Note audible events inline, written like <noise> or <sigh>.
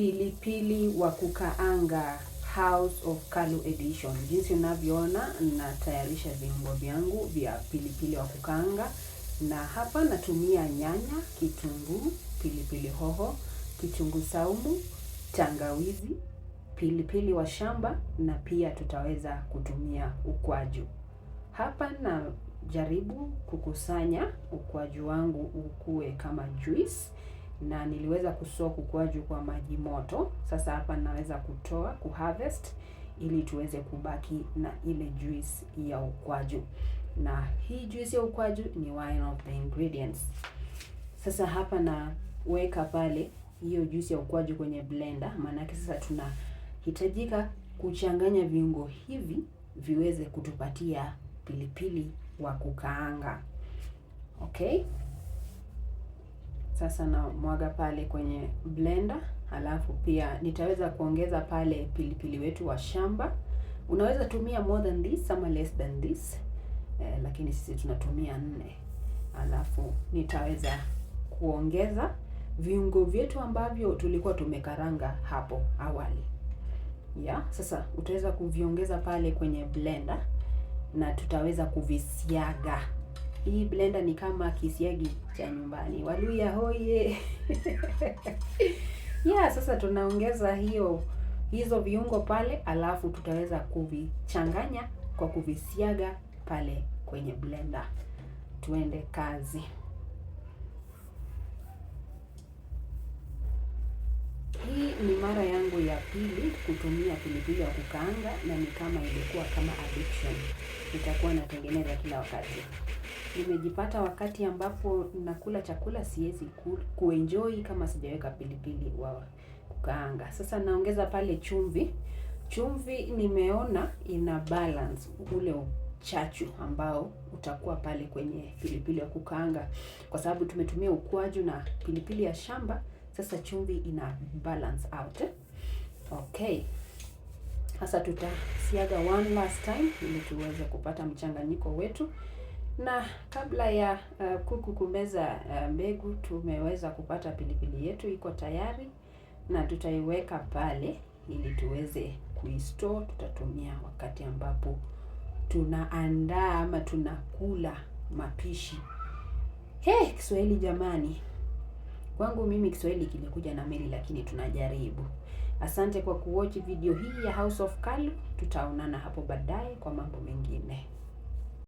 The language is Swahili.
pilipili wa kukaanga House of Kalu edition. Jinsi unavyoona natayarisha viungo vyangu vya pilipili wa kukaanga, na hapa natumia nyanya, kitunguu, pilipili hoho, kitunguu saumu, tangawizi, pilipili wa shamba na pia tutaweza kutumia ukwaju. Hapa najaribu kukusanya ukwaju wangu ukue kama juice na niliweza kusoak ukwaju kwa maji moto. Sasa hapa naweza kutoa kuharvest ili tuweze kubaki na ile juice ya ukwaju, na hii juice ya ukwaju ni one of the ingredients. Sasa hapa naweka pale hiyo juice ya ukwaju kwenye blender, maanake sasa tunahitajika kuchanganya viungo hivi viweze kutupatia pilipili wa kukaanga. Okay? Sasa na mwaga pale kwenye blender, alafu pia nitaweza kuongeza pale pilipili pili wetu wa shamba. Unaweza tumia more than this ama less than this eh, lakini sisi tunatumia nne. alafu nitaweza kuongeza viungo vyetu ambavyo tulikuwa tumekaranga hapo awali ya sasa utaweza kuviongeza pale kwenye blender na tutaweza kuvisiaga hii blender ni kama kisiagi cha nyumbani. Waluya hoye! <laughs> Yeah, sasa tunaongeza hiyo hizo viungo pale, alafu tutaweza kuvichanganya kwa kuvisiaga pale kwenye blender. Tuende kazi. Hii ni mara yangu ya pili kutumia pilipili ya kukaanga, na ni kama ilikuwa kama addiction, nitakuwa natengeneza kila wakati nimejipata wakati ambapo nakula chakula siwezi kuenjoy kama sijaweka pilipili wa kukaanga. Sasa naongeza pale chumvi. Chumvi nimeona ina balance ule uchachu ambao utakuwa pale kwenye pilipili ya kukaanga, kwa sababu tumetumia ukwaju na pilipili ya shamba. Sasa chumvi ina balance out Okay, sasa tutasiaga one last time ili tuweze kupata mchanganyiko wetu. Na kabla ya uh, kuku kumeza uh, mbegu, tumeweza kupata pilipili yetu iko tayari na tutaiweka pale ili tuweze kuistore. Tutatumia wakati ambapo tunaandaa ama tunakula mapishi. He, Kiswahili jamani! Kwangu mimi Kiswahili kilikuja na meli, lakini tunajaribu. Asante kwa kuwatch video hii ya House of Kalu. Tutaonana hapo baadaye kwa mambo mengine.